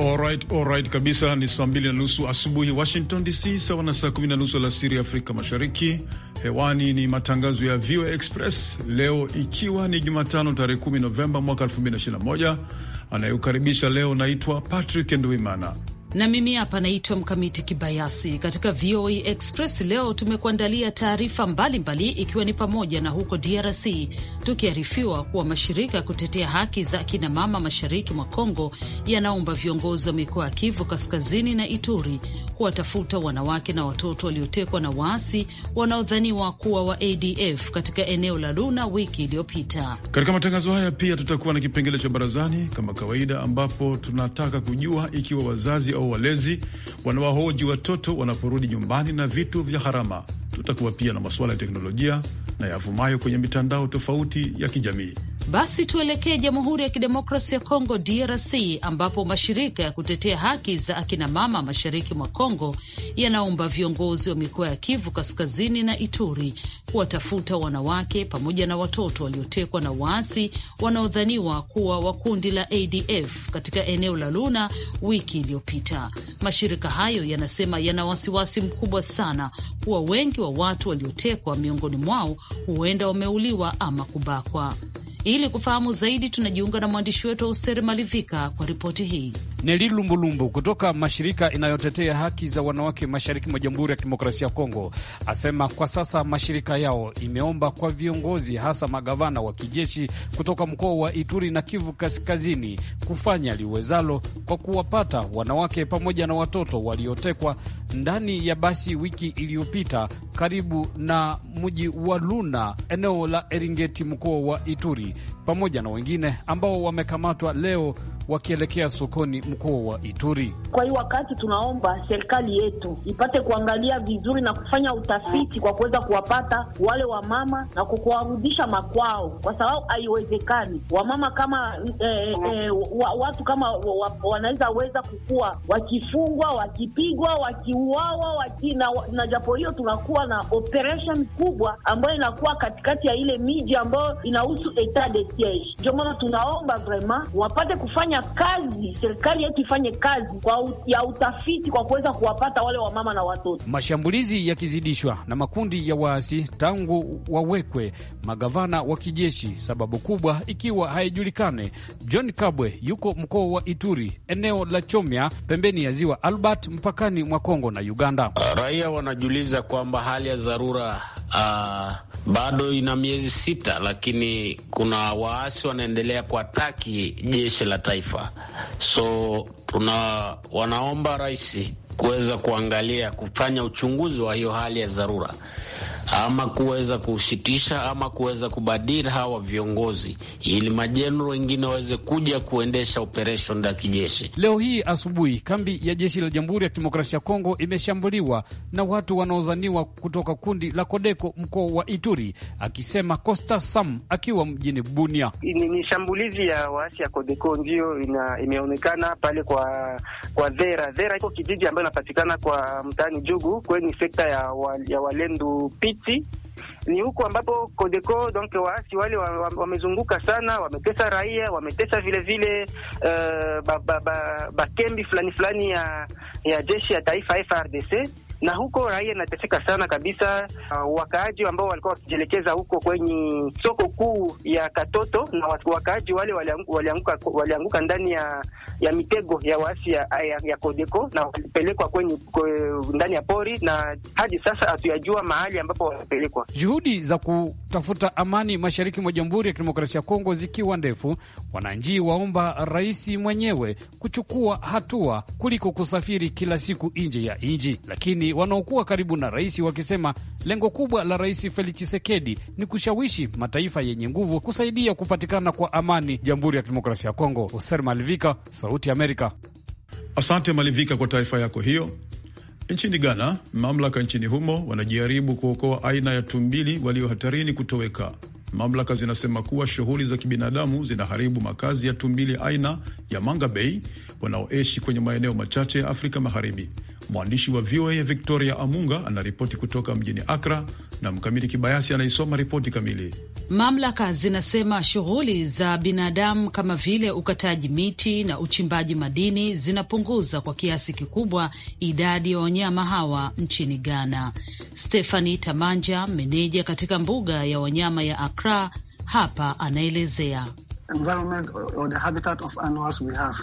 Alright, alright kabisa. Ni saa mbili na nusu asubuhi Washington DC, sawa na saa kumi na nusu alasiri Afrika Mashariki. Hewani ni matangazo ya VOA Express leo, ikiwa ni Jumatano tarehe kumi Novemba mwaka 2021. Anayokaribisha leo naitwa Patrick nduimana na mimi hapa naitwa Mkamiti Kibayasi. Katika VOA e Express leo tumekuandalia taarifa mbalimbali, ikiwa ni pamoja na huko DRC tukiarifiwa kuwa mashirika ya kutetea haki za mama mashariki mwa Kongo yanaomba viongozi wa mikoa ya Kivu Kaskazini na Ituri kuwatafuta wanawake na watoto waliotekwa na waasi wanaodhaniwa kuwa wa ADF katika eneo la Luna wiki iliyopita. Katika matangazo haya pia tutakuwa na kipengele cha barazani kama kawaida, ambapo tunataka kujua ikiwa wazazi au walezi wanawahoji watoto wanaporudi nyumbani na vitu vya gharama. Tutakuwa pia na masuala ya teknolojia na yavumayo kwenye mitandao tofauti ya kijamii. Basi tuelekee Jamhuri ya Kidemokrasi ya Kongo, DRC, ambapo mashirika ya kutetea haki za akinamama mashariki mwa Kongo yanaomba viongozi wa mikoa ya Kivu Kaskazini na Ituri kuwatafuta wanawake pamoja na watoto waliotekwa na waasi wanaodhaniwa kuwa wa kundi la ADF katika eneo la Luna wiki iliyopita. Mashirika hayo yanasema yana wasiwasi mkubwa sana kuwa wengi wa watu waliotekwa miongoni mwao huenda wameuliwa ama kubakwa. Ili kufahamu zaidi, tunajiunga na mwandishi wetu wa Usteri Malivika kwa ripoti hii. Neli Lumbulumbu kutoka mashirika inayotetea haki za wanawake mashariki mwa Jamhuri ya Kidemokrasia ya Kongo asema kwa sasa mashirika yao imeomba kwa viongozi, hasa magavana wa kijeshi kutoka mkoa wa Ituri na Kivu Kaskazini kufanya liwezalo kwa kuwapata wanawake pamoja na watoto waliotekwa ndani ya basi wiki iliyopita karibu na mji wa Luna, eneo la Eringeti, mkoa wa Ituri pamoja na wengine ambao wamekamatwa leo wakielekea sokoni mkoa wa Ituri. Kwa hii wakati tunaomba serikali yetu ipate kuangalia vizuri na kufanya utafiti kwa kuweza kuwapata wale wamama na kukuwarudisha makwao, kwa sababu haiwezekani wamama kama eh, eh, eh, wa, watu kama wa, wa, wanaweza weza kukua wakifungwa, wakipigwa, wakiuawa waki, na, na japo hiyo tunakuwa na operation kubwa ambayo inakuwa katikati ya ile miji ambayo inahusu etat de siege. Ndio maana tunaomba vraiment wapate kufanya kufanya kazi, serikali yetu ifanye kazi kwa ya utafiti kwa kuweza kuwapata wale wamama na watoto. Mashambulizi yakizidishwa na makundi ya waasi tangu wawekwe magavana wa kijeshi, sababu kubwa ikiwa haijulikane. John Kabwe yuko mkoa wa Ituri, eneo la Chomya, pembeni ya ziwa Albert, mpakani mwa Kongo na Uganda. Raia wanajiuliza kwamba hali ya dharura uh, bado ina miezi sita, lakini kuna waasi wanaendelea kuataki jeshi la taifa taifa. So tuna wanaomba rais kuweza kuangalia kufanya uchunguzi wa hiyo hali ya dharura ama kuweza kushitisha ama kuweza kubadili hawa viongozi ili majenero wengine waweze kuja kuendesha operesheni za kijeshi. Leo hii asubuhi, kambi ya jeshi la Jamhuri ya Kidemokrasia ya Kongo imeshambuliwa na watu wanaozaniwa kutoka kundi la Kodeko mkoa wa Ituri, akisema Costa Sam akiwa mjini Bunia. Ni shambulizi ya waasi ya Kodeko ndiyo imeonekana pale kwa kwa Dhera. Dhera iko kijiji ambayo inapatikana kwa mtaani Jugu kwenye sekta ya, wa, ya Walendu Pit Mashariki ni huko ambapo kodeko donc waasi wale wamezunguka wa, wa sana, wametesa raia, wametesa vile vile uh, eh, bakembi ba, ba, ba fulani fulani ya, ya jeshi ya taifa frdc na huko raia inateseka sana kabisa. Uh, wakaaji ambao walikuwa wakijielekeza huko kwenye soko kuu ya Katoto na wakaaji wale walianguka, walianguka, walianguka ndani ya, ya mitego ya waasi ya, ya, ya Kodeko na walipelekwa kwenye kwe, ndani ya pori na hadi sasa hatuyajua mahali ambapo walipelekwa. Juhudi za kutafuta amani mashariki mwa Jamhuri ya Kidemokrasia ya Kongo zikiwa ndefu, wananchi waomba rais mwenyewe kuchukua hatua kuliko kusafiri kila siku nje ya nchi, lakini wawili wanaokuwa karibu na rais wakisema lengo kubwa la rais Felix Tshisekedi ni kushawishi mataifa yenye nguvu kusaidia kupatikana kwa amani Jamhuri ya Kidemokrasia ya Kongo. Hoser Malivika, Sauti Amerika. Asante Malivika kwa taarifa yako hiyo. Nchini Ghana, mamlaka nchini humo wanajaribu kuokoa aina ya tumbili walio hatarini kutoweka. Mamlaka zinasema kuwa shughuli za kibinadamu zinaharibu makazi ya tumbili aina ya mangabei wanaoishi kwenye maeneo machache ya Afrika Magharibi. Mwandishi wa VOA Victoria Amunga anaripoti kutoka mjini Akra na Mkamiti Kibayasi anaisoma ripoti kamili. Mamlaka zinasema shughuli za binadamu kama vile ukataji miti na uchimbaji madini zinapunguza kwa kiasi kikubwa idadi ya wanyama hawa nchini Ghana. Stefani Tamanja, meneja katika mbuga ya wanyama ya Akra, hapa anaelezea Environment or the habitat of animals we have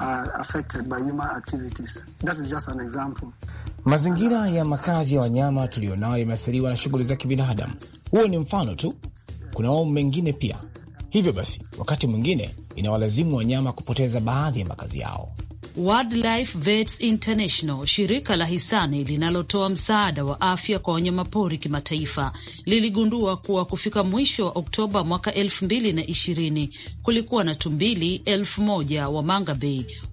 uh, affected by human activities. That is just an example. Mazingira ya makazi ya wanyama tuliyonayo yameathiriwa na shughuli za kibinadamu. Huo ni mfano tu, kuna mambo mengine pia. Hivyo basi, wakati mwingine inawalazimu wanyama kupoteza baadhi ya makazi yao. Wildlife Vets International, shirika la hisani linalotoa msaada wa afya kwa wanyamapori kimataifa, liligundua kuwa kufika mwisho wa Oktoba mwaka elfu mbili na ishirini kulikuwa na tumbili elfu moja wa manga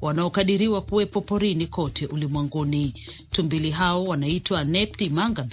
wanaokadiriwa kuwepo porini kote ulimwenguni. Tumbili hao wanaitwa Nepti manga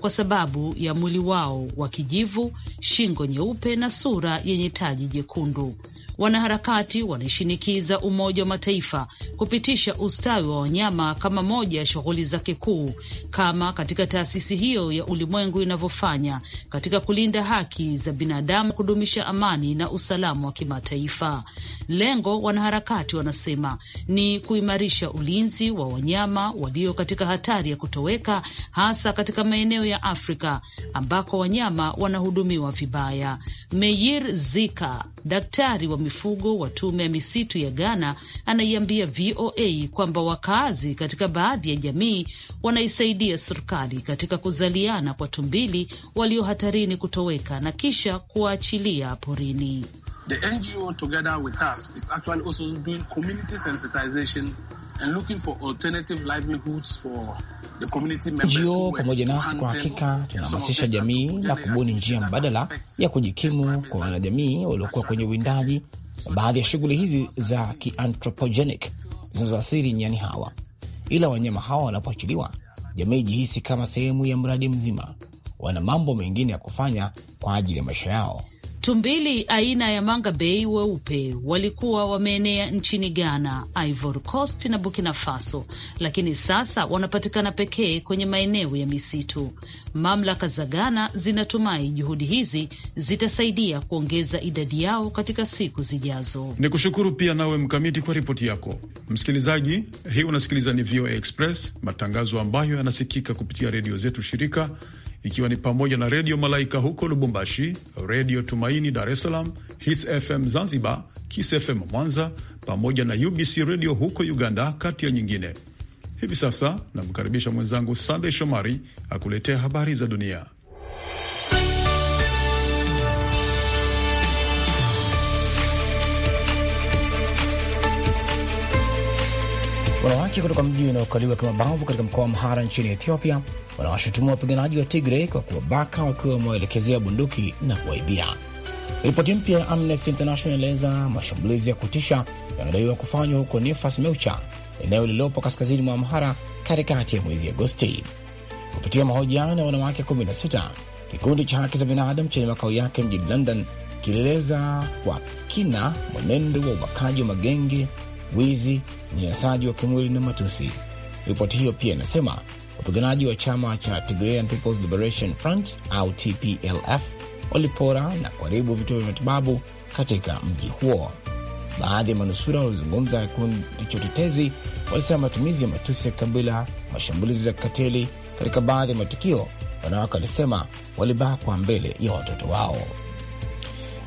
kwa sababu ya mwili wao wa kijivu, shingo nyeupe na sura yenye taji jekundu. Wanaharakati wanaishinikiza Umoja wa Mataifa kupitisha ustawi wa wanyama kama moja ya shughuli zake kuu, kama katika taasisi hiyo ya ulimwengu inavyofanya katika kulinda haki za binadamu, kudumisha amani na usalama wa kimataifa. Lengo, wanaharakati wanasema, ni kuimarisha ulinzi wa wanyama walio katika hatari ya kutoweka, hasa katika maeneo ya Afrika ambako wanyama wanahudumiwa vibaya. Meir Zika, daktari wa mifugo wa tume ya misitu ya Ghana anaiambia VOA kwamba wakaazi katika baadhi ya jamii wanaisaidia serikali katika kuzaliana kwa tumbili walio hatarini kutoweka na kisha kuwaachilia porini. The NGO together with us is actually also doing community sensitization and looking for alternative livelihoods for NGO pamoja nasi kwa hakika tunahamasisha jamii na kubuni njia mbadala ya kujikimu kwa wanajamii waliokuwa kwenye uwindaji na baadhi ya shughuli hizi za kianthropogenic zinazoathiri nyani hawa. Ila wanyama hawa wanapoachiliwa, jamii jihisi kama sehemu ya mradi mzima, wana mambo mengine ya kufanya kwa ajili ya maisha yao. Tumbili aina ya manga bei weupe walikuwa wameenea nchini Ghana, Ivory Coast na Burkina Faso, lakini sasa wanapatikana pekee kwenye maeneo ya misitu. Mamlaka za Ghana zinatumai juhudi hizi zitasaidia kuongeza idadi yao katika siku zijazo. Ni kushukuru pia nawe Mkamiti kwa ripoti yako. Msikilizaji, hii unasikiliza ni VOA Express, matangazo ambayo yanasikika kupitia redio zetu shirika ikiwa ni pamoja na Redio Malaika huko Lubumbashi, Redio Tumaini Dar es Salaam, Hits FM Zanzibar, Kiss FM Mwanza pamoja na UBC Redio huko Uganda, kati ya nyingine. Hivi sasa namkaribisha mwenzangu Sandey Shomari akuletea habari za dunia. Wanawake kutoka mji unaokaliwa kimabavu katika mkoa wa Mhara nchini Ethiopia wanawashutumu wapiganaji wa Tigre kwa kuwabaka wakiwa wamewaelekezea bunduki na kuwaibia. Ripoti mpya ya Amnesty International inaeleza mashambulizi ya kutisha yanadaiwa kufanywa huko Nefas Meucha, eneo lililopo kaskazini mwa Amhara katikati ya mwezi Agosti. Kupitia mahojiano ya wanawake 16 kikundi cha haki za binadamu chenye makao yake mjini London kilieleza kwa kina mwenendo wa ubakaji wa magenge wizi, unyanyasaji wa kimwili na matusi. Ripoti hiyo pia inasema wapiganaji wa chama cha Tigrayan People's Liberation Front au TPLF walipora na kuharibu vituo vya matibabu katika mji huo. Baadhi ya manusura waliozungumza kikundi cha utetezi walisema matumizi ya matusi ya kabila, mashambulizi ya kikatili katika baadhi ya matukio, wanawake walisema walibakwa mbele ya watoto wao.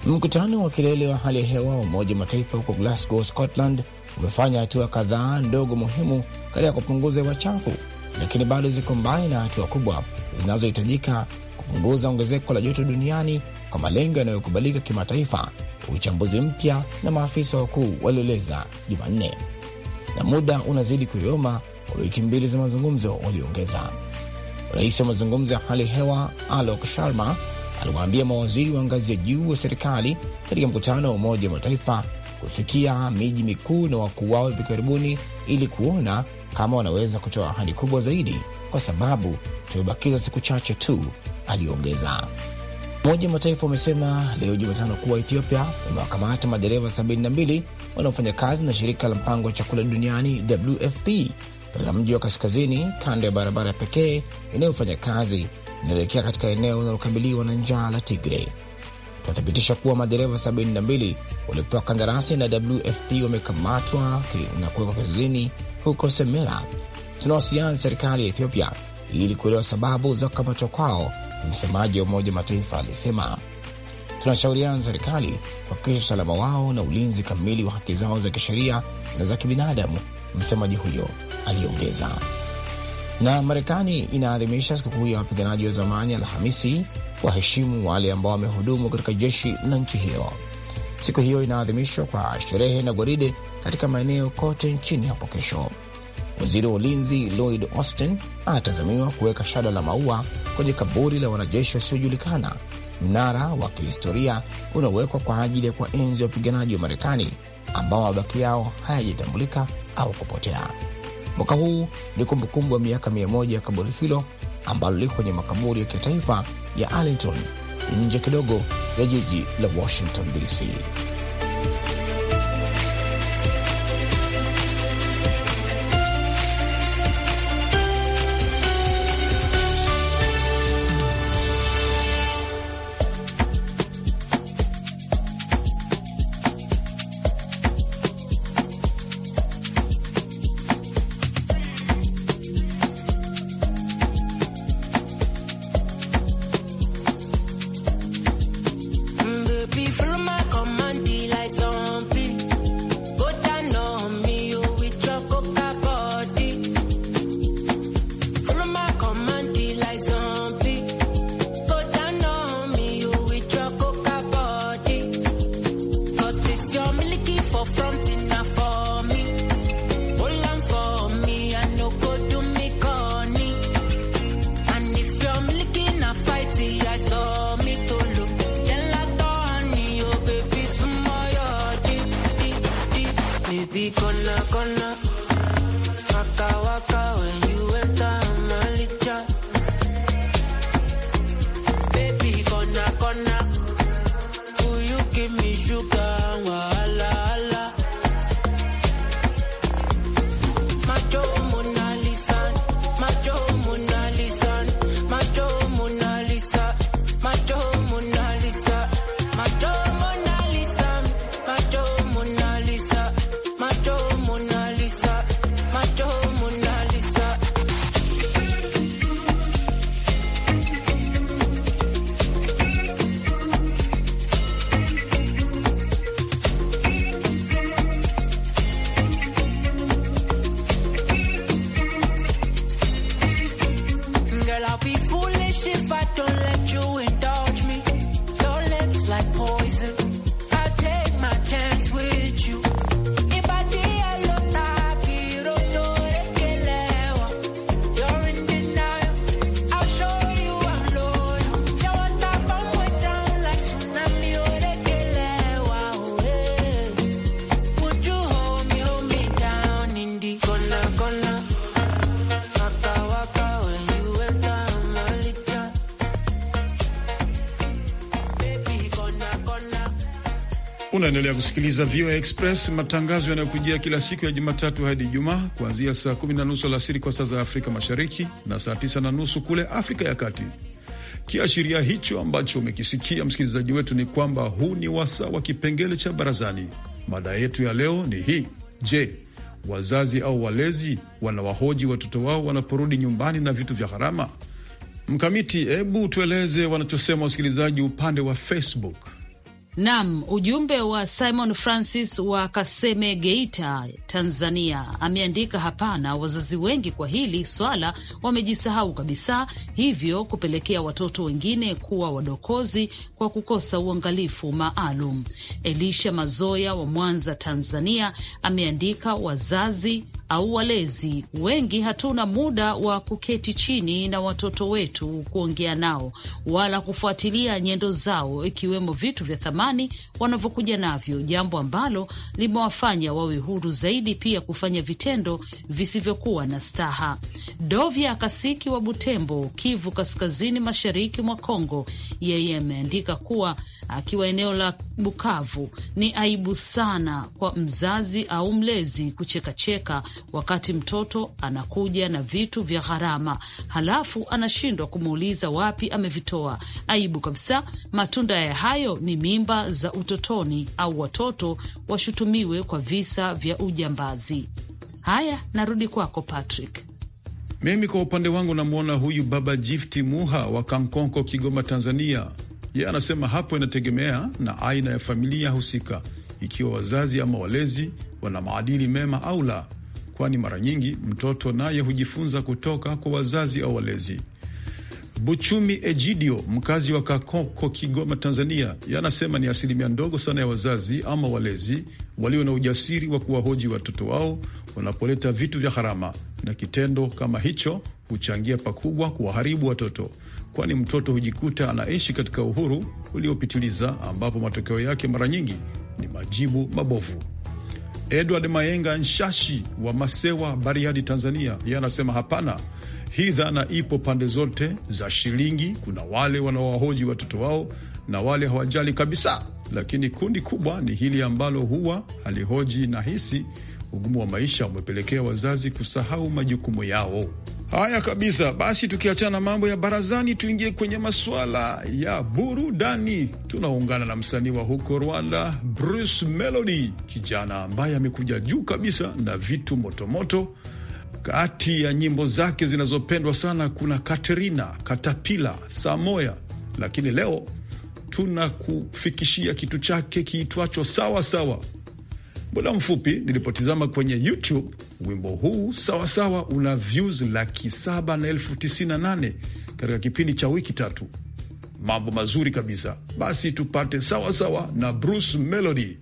Mkutano wa kilele wa hali ya hewa wa Umoja Mataifa huko Glasgow, Scotland umefanya hatua kadhaa ndogo muhimu katika kupunguza wachafu, chafu, lakini bado ziko mbali na hatua kubwa zinazohitajika kupunguza ongezeko la joto duniani kwa malengo yanayokubalika kimataifa, uchambuzi mpya na maafisa wakuu walieleza Jumanne. Na muda unazidi kuyoma kwa wiki mbili za mazungumzo, waliongeza. Rais wa mazungumzo ya hali hewa Alok Sharma aliwaambia mawaziri wa ngazi ya juu wa serikali katika mkutano wa Umoja wa Mataifa kufikia miji mikuu na wakuu wao hivi karibuni ili kuona kama wanaweza kutoa ahadi kubwa zaidi, kwa sababu tumebakiza siku chache tu, aliongeza. Umoja wa Mataifa umesema leo Jumatano kuwa Ethiopia umewakamata madereva 72 wanaofanya kazi na shirika la mpango wa chakula duniani WFP katika mji wa kaskazini kando ya barabara pekee inayofanya kazi inaelekea katika eneo linalokabiliwa na njaa la Tigre tunathibitisha kuwa madereva 72 waliopewa kandarasi na WFP wamekamatwa na kuwekwa kizuizini huko Semera. Tunawasiliana na serikali ya Ethiopia ili kuelewa sababu za kukamatwa kwao, msemaji wa Umoja Mataifa alisema. Tunashauriana na serikali kuhakikisha usalama wao na ulinzi kamili wa haki zao za kisheria na za kibinadamu, msemaji huyo aliongeza. Na Marekani inaadhimisha sikukuu ya wapiganaji wa zamani Alhamisi waheshimu wale ambao wamehudumu katika jeshi la nchi hiyo. Siku hiyo inaadhimishwa kwa sherehe na gwaride katika maeneo kote nchini hapo kesho. Waziri wa ulinzi Lloyd Austin anatazamiwa kuweka shada la maua kwenye kaburi la wanajeshi wasiojulikana. Mnara wa kihistoria unaowekwa kwa ajili ya kuwaenzi wapiganaji wa Marekani ambao mabaki yao hayajatambulika au kupotea. Mwaka huu ni kumbukumbu ya miaka mia moja ya kaburi hilo ambalo liko kwenye makaburi ya kitaifa ya Arlington nje kidogo ya jiji la Washington DC. baby, con la, con la. Waka, ven. Unaendelea kusikiliza VOA Express, matangazo yanayokujia kila siku ya Jumatatu hadi Ijumaa, kuanzia saa kumi na nusu alasiri kwa saa za Afrika Mashariki na saa tisa na nusu kule Afrika ya Kati. Kiashiria hicho ambacho umekisikia msikilizaji wetu ni kwamba huu ni wasaa wa kipengele cha barazani. Mada yetu ya leo ni hii: Je, wazazi au walezi wanawahoji watoto wao wanaporudi nyumbani na vitu vya gharama? Mkamiti, hebu tueleze wanachosema wasikilizaji upande wa Facebook. Nam, ujumbe wa Simon Francis wa Kaseme, Geita, Tanzania, ameandika hapana, wazazi wengi kwa hili swala wamejisahau kabisa, hivyo kupelekea watoto wengine kuwa wadokozi kwa kukosa uangalifu maalum. Elisha Mazoya wa Mwanza, Tanzania, ameandika wazazi au walezi wengi hatuna muda wa kuketi chini na watoto wetu kuongea nao wala kufuatilia nyendo zao, ikiwemo vitu vya thamani amani wanavyokuja navyo, jambo ambalo limewafanya wawe huru zaidi pia kufanya vitendo visivyokuwa na staha. Dovya Kasiki wa Butembo, Kivu Kaskazini, mashariki mwa Kongo, yeye ameandika kuwa akiwa eneo la Bukavu. Ni aibu sana kwa mzazi au mlezi kuchekacheka wakati mtoto anakuja na vitu vya gharama, halafu anashindwa kumuuliza wapi amevitoa. Aibu kabisa. Matunda ya hayo ni mimba za utotoni, au watoto washutumiwe kwa visa vya ujambazi. Haya, narudi kwako Patrick. Mimi kwa upande wangu namwona huyu baba Jifti Muha wa kankonko Kigoma, Tanzania yeye anasema hapo inategemea na aina ya familia husika, ikiwa wazazi ama walezi wana maadili mema au la, kwani mara nyingi mtoto naye hujifunza kutoka kwa wazazi au walezi. Buchumi Ejidio, mkazi wa Kakoko, Kigoma, Tanzania, yanasema ni asilimia ndogo sana ya wazazi ama walezi walio na ujasiri wa kuwahoji watoto wao wanapoleta vitu vya gharama, na kitendo kama hicho huchangia pakubwa kuwaharibu watoto kwani mtoto hujikuta anaishi katika uhuru uliopitiliza ambapo matokeo yake mara nyingi ni majibu mabovu. Edward Mayenga Nshashi wa Masewa, Bariadi, Tanzania, yeye anasema hapana, hii dhana ipo pande zote za shilingi. Kuna wale wanaowahoji watoto wao na wale hawajali kabisa, lakini kundi kubwa ni hili ambalo huwa halihoji, na hisi ugumu wa maisha umepelekea wazazi kusahau majukumu yao. Haya kabisa. Basi tukiachana na mambo ya barazani, tuingie kwenye masuala ya burudani. Tunaungana na msanii wa huko Rwanda, Bruce Melody, kijana ambaye amekuja juu kabisa na vitu motomoto Kati ya nyimbo zake zinazopendwa sana kuna Katerina, Katapila, Samoya, lakini leo tunakufikishia kitu chake kiitwacho sawa sawa. Muda mfupi nilipotizama kwenye YouTube, wimbo huu sawasawa una views laki saba na elfu tisini na nane katika kipindi cha wiki tatu. Mambo mazuri kabisa. Basi tupate sawasawa na Bruce Melody.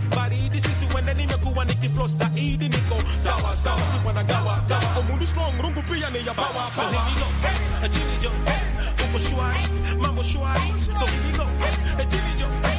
kubali disizi uendeline kuwaniki flo zaidi niko sawa sawa, si gawa strong rungu pia ni ya bawa so here we go hey, chini jo hey, uko so here we go hey, chini jo hey,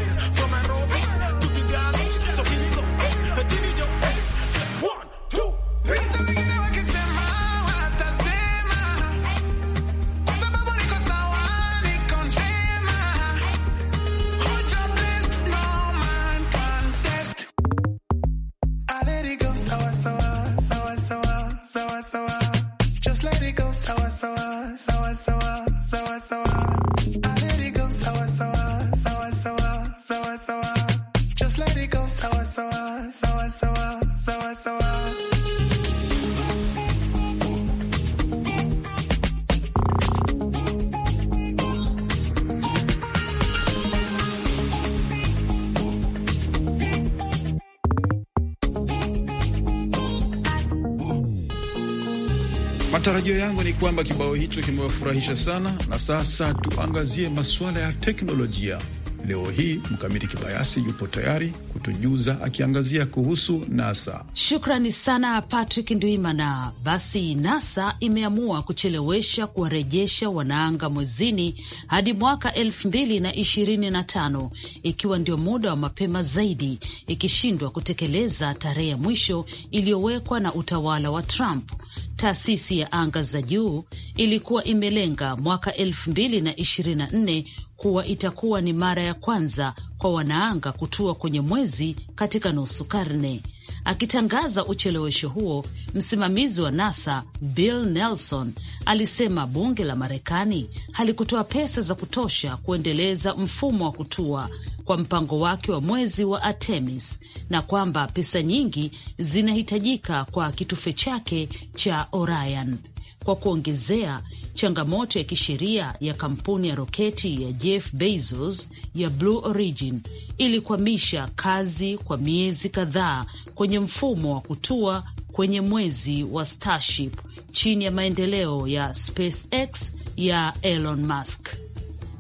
Matarajio yangu ni kwamba kibao hicho kimewafurahisha sana, na sasa tuangazie masuala ya teknolojia. Leo hii Mkamiti Kibayasi yupo tayari kutujuza akiangazia kuhusu NASA. Shukrani sana Patrick Ndwimana. Basi NASA imeamua kuchelewesha kuwarejesha wanaanga mwezini hadi mwaka elfu mbili na ishirini na tano ikiwa ndio muda wa mapema zaidi, ikishindwa kutekeleza tarehe ya mwisho iliyowekwa na utawala wa Trump. Taasisi ya anga za juu ilikuwa imelenga mwaka elfu mbili na ishirini na nne kuwa itakuwa ni mara ya kwanza kwa wanaanga kutua kwenye mwezi katika nusu karne. Akitangaza uchelewesho huo, msimamizi wa NASA Bill Nelson alisema bunge la Marekani halikutoa pesa za kutosha kuendeleza mfumo wa kutua kwa mpango wake wa mwezi wa Artemis na kwamba pesa nyingi zinahitajika kwa kitufe chake cha Orion kwa kuongezea changamoto ya kisheria ya kampuni ya roketi ya Jeff Bezos ya Blue Origin ilikwamisha kazi kwa miezi kadhaa kwenye mfumo wa kutua kwenye mwezi wa Starship chini ya maendeleo ya SpaceX ya Elon Musk.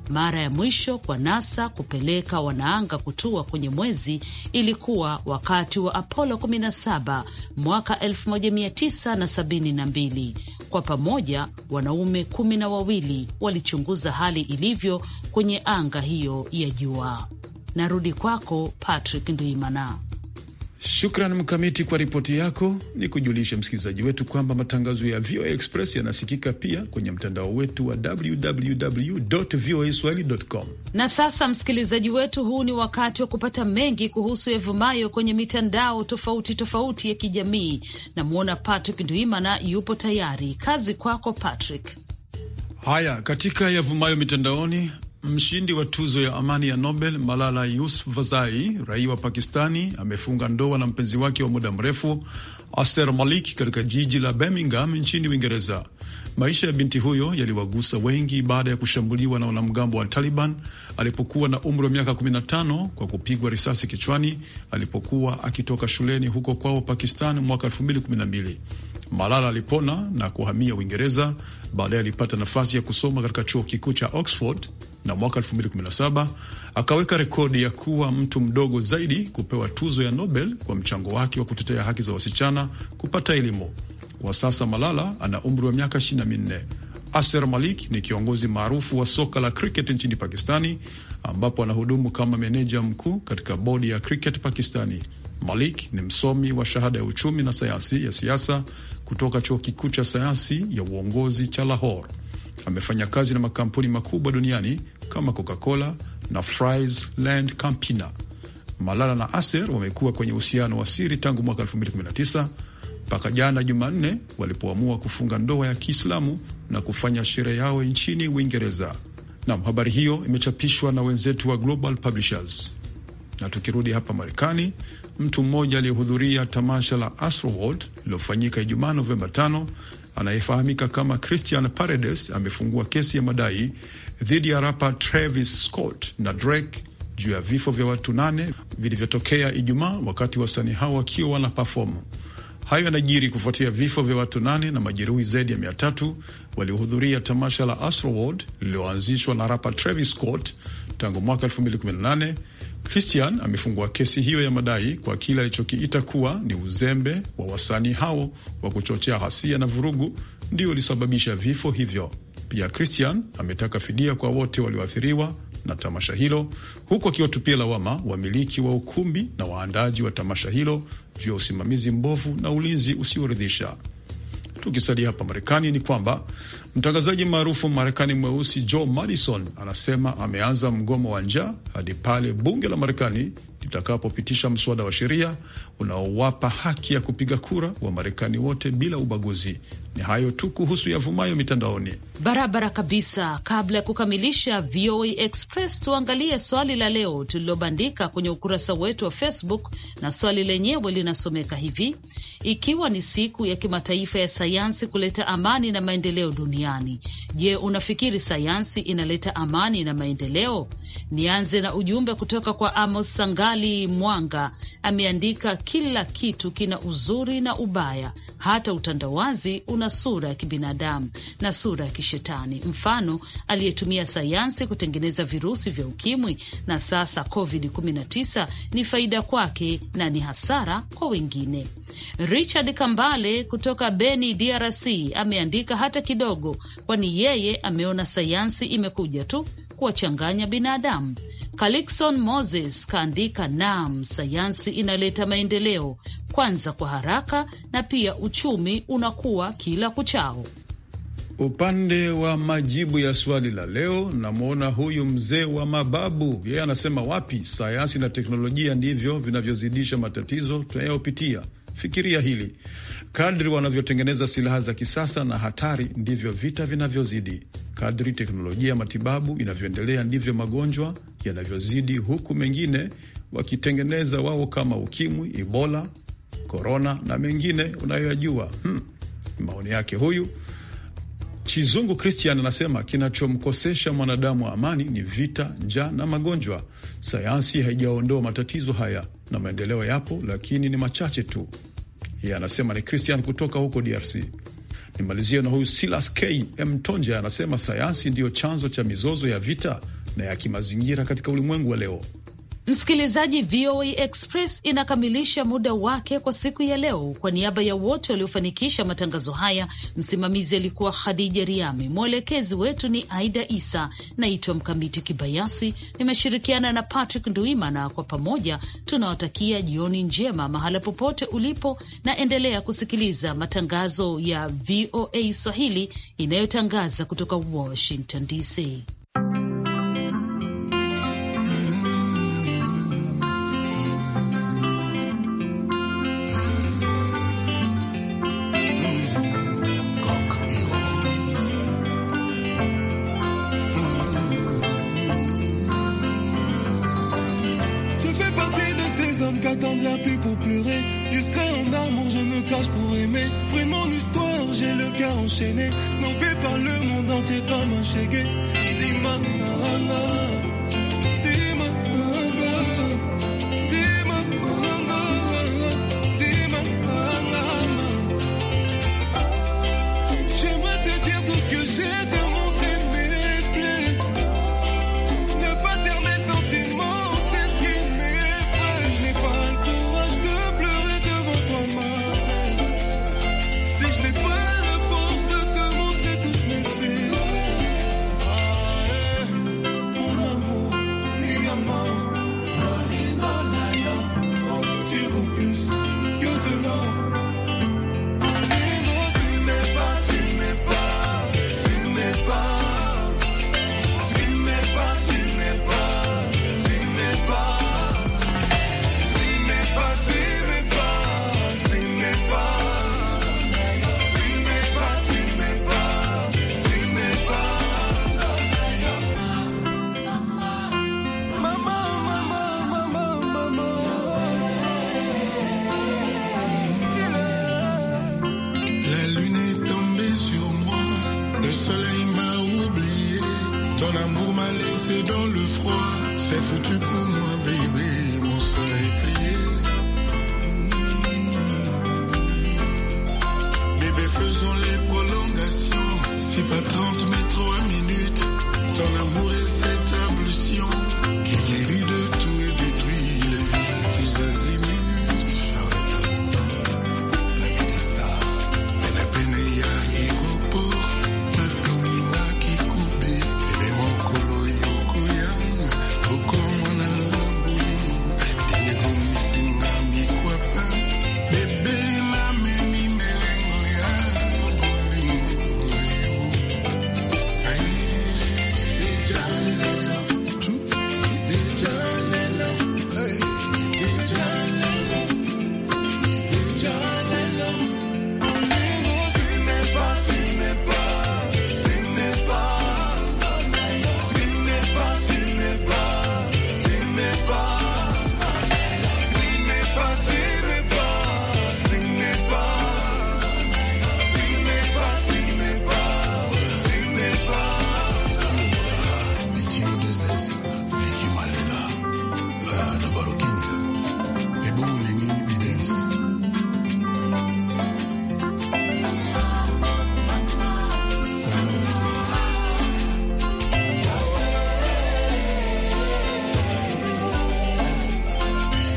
Mara ya mwisho kwa NASA kupeleka wanaanga kutua kwenye mwezi ilikuwa wakati wa Apollo 17 mwaka 1972. Kwa pamoja wanaume kumi na wawili walichunguza hali ilivyo kwenye anga hiyo ya jua. Narudi kwako Patrick Ndwimana. Shukran Mkamiti kwa ripoti yako. Ni kujulishe msikilizaji wetu kwamba matangazo ya VOA Express yanasikika pia kwenye mtandao wetu wa www voa swahili com. Na sasa, msikilizaji wetu, huu ni wakati wa kupata mengi kuhusu yavumayo kwenye mitandao tofauti tofauti ya kijamii. Namwona Patrick Nduimana yupo tayari. Kazi kwako Patrick. Haya, katika yavumayo mitandaoni Mshindi wa tuzo ya amani ya Nobel Malala Yousafzai, raia wa Pakistani, amefunga ndoa na mpenzi wake wa muda mrefu Aser Malik katika jiji la Birmingham nchini Uingereza. Maisha ya binti huyo yaliwagusa wengi baada ya kushambuliwa na wanamgambo wa Taliban alipokuwa na umri wa miaka 15 kwa kupigwa risasi kichwani alipokuwa akitoka shuleni huko kwao Pakistan mwaka 2012. Malala alipona na kuhamia Uingereza Baadaye alipata nafasi ya kusoma katika chuo kikuu cha Oxford na mwaka 2017 akaweka rekodi ya kuwa mtu mdogo zaidi kupewa tuzo ya Nobel kwa mchango wake wa kutetea haki za wasichana kupata elimu. Kwa sasa Malala ana umri wa miaka 24. Aser Malik ni kiongozi maarufu wa soka la cricket nchini Pakistani ambapo anahudumu kama meneja mkuu katika bodi ya cricket Pakistani. Malik ni msomi wa shahada ya uchumi na sayansi ya siasa kutoka chuo kikuu cha sayansi ya uongozi cha Lahore. Amefanya kazi na makampuni makubwa duniani kama Coca-Cola na Fries Land Campina. Malala na Aser wamekuwa kwenye uhusiano wa siri tangu mwaka 2019 mpaka jana Jumanne walipoamua kufunga ndoa ya Kiislamu na kufanya sherehe yao nchini Uingereza. Nam, habari hiyo imechapishwa na wenzetu wa Global Publishers. Na tukirudi hapa Marekani, mtu mmoja aliyehudhuria tamasha la Astroworld lililofanyika Ijumaa Novemba 5 anayefahamika kama Christian Paredes amefungua kesi ya madai dhidi ya rapa Travis Scott na Drake juu ya vifo vya watu nane vilivyotokea Ijumaa wakati wasanii hao wakiwa wanapafomu. Hayo yanajiri kufuatia vifo vya watu nane na majeruhi zaidi ya mia tatu waliohudhuria tamasha la Astroworld lililoanzishwa na rapa Travis Scott tangu mwaka 2018. Christian amefungua kesi hiyo ya madai kwa kile alichokiita kuwa ni uzembe wa wasanii hao wa kuchochea hasia na vurugu ndio ulisababisha vifo hivyo. Pia Christian ametaka fidia kwa wote walioathiriwa na tamasha hilo, huku akiwatupia lawama wamiliki wa ukumbi na waandaji wa tamasha hilo juu ya usimamizi mbovu na ulinzi usioridhisha. Tukisalia hapa Marekani, ni kwamba Mtangazaji maarufu Marekani mweusi Joe Madison anasema ameanza mgomo wa njaa hadi pale bunge la Marekani litakapopitisha mswada wa sheria unaowapa haki ya kupiga kura wa Marekani wote bila ubaguzi. Ni hayo tu kuhusu yavumayo mitandaoni, barabara kabisa. Kabla ya kukamilisha VOA Express, tuangalie swali la leo tulilobandika kwenye ukurasa wetu wa Facebook, na swali lenyewe linasomeka hivi: ikiwa ni siku ya kimataifa ya sayansi kuleta amani na maendeleo duniani duniani. Je, unafikiri sayansi inaleta amani na maendeleo? Nianze na ujumbe kutoka kwa Amos Sangali Mwanga, ameandika kila kitu kina uzuri na ubaya, hata utandawazi una sura ya kibinadamu na sura ya kishetani. Mfano, aliyetumia sayansi kutengeneza virusi vya ukimwi na sasa Covid 19 ni faida kwake na ni hasara kwa wengine. Richard Kambale kutoka Beni, DRC ameandika hata kidogo, kwani yeye ameona sayansi imekuja tu kuwachanganya binadamu. Kalikson Moses kaandika, nam sayansi inaleta maendeleo, kwanza kwa haraka na pia uchumi unakuwa kila kuchao. Upande wa majibu ya swali la leo, namwona huyu mzee wa mababu, yeye anasema wapi sayansi na teknolojia ndivyo vinavyozidisha matatizo tunayopitia. Fikiria hili, kadri wanavyotengeneza silaha za kisasa na hatari, ndivyo vita vinavyozidi. Kadri teknolojia ya matibabu inavyoendelea, ndivyo magonjwa yanavyozidi, huku mengine wakitengeneza wao kama ukimwi, Ebola, korona na mengine unayoyajua. Hmm, maoni yake huyu Chizungu Christian anasema kinachomkosesha mwanadamu amani ni vita, njaa na magonjwa. Sayansi haijaondoa matatizo haya na maendeleo yapo, lakini ni machache tu. Yeye anasema ni Christian kutoka huko DRC. Nimalizie na huyu Silas K Mtonja, anasema sayansi ndiyo chanzo cha mizozo ya vita na ya kimazingira katika ulimwengu wa leo. Msikilizaji, VOA Express inakamilisha muda wake kwa siku ya leo. Kwa niaba ya wote waliofanikisha matangazo haya, msimamizi alikuwa Khadija Riami, mwelekezi wetu ni Aida Isa. Naitwa Mkamiti Kibayasi, nimeshirikiana na Patrick Nduimana. Kwa pamoja tunawatakia jioni njema mahala popote ulipo, na endelea kusikiliza matangazo ya VOA Swahili inayotangaza kutoka Washington DC.